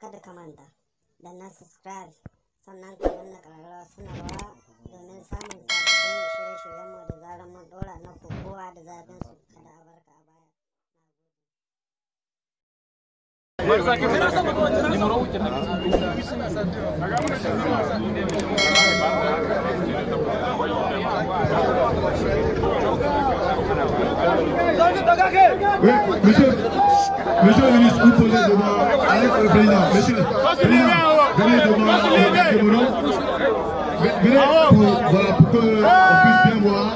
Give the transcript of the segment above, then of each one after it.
fa da kamanta da na subscribe sannan ka danna ƙararrawa sanarwa domin samun sabbin shirye shiryen mu da zarar mun dora na kokowa da zafin su kada a barka a baya. Marsa, Oui, monsieur, monsieur le ministre, vous posez devant le président. Monsieur, venez devant le Venez ah, voilà, pour qu'on puisse bien voir.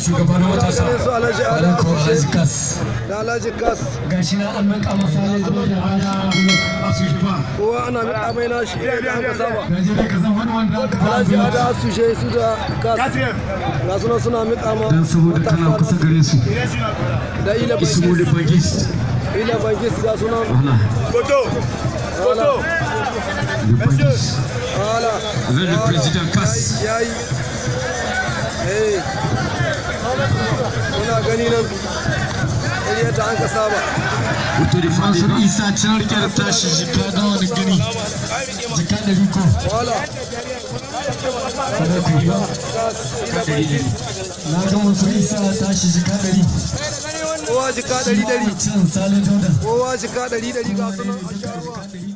shugaba na matasa wani da ga shi na an minka masa zuwa da ana asuje ba kowa ana mai eh, da saba najeriya ka zama wani wanda aka ba su da kas ga suna suna minka ma dan saboda kana kusa gare su da ila bagis su da bagis ila bagis ga suna foto foto Le bagis. Voilà. Avec le gani nan yadda an ka saba wato da isa can rike da tashi jika da wani jika da riko wala kada ku ba kada yi na ga wasu isa tashi jika dari kowa jika dari dari kowa jika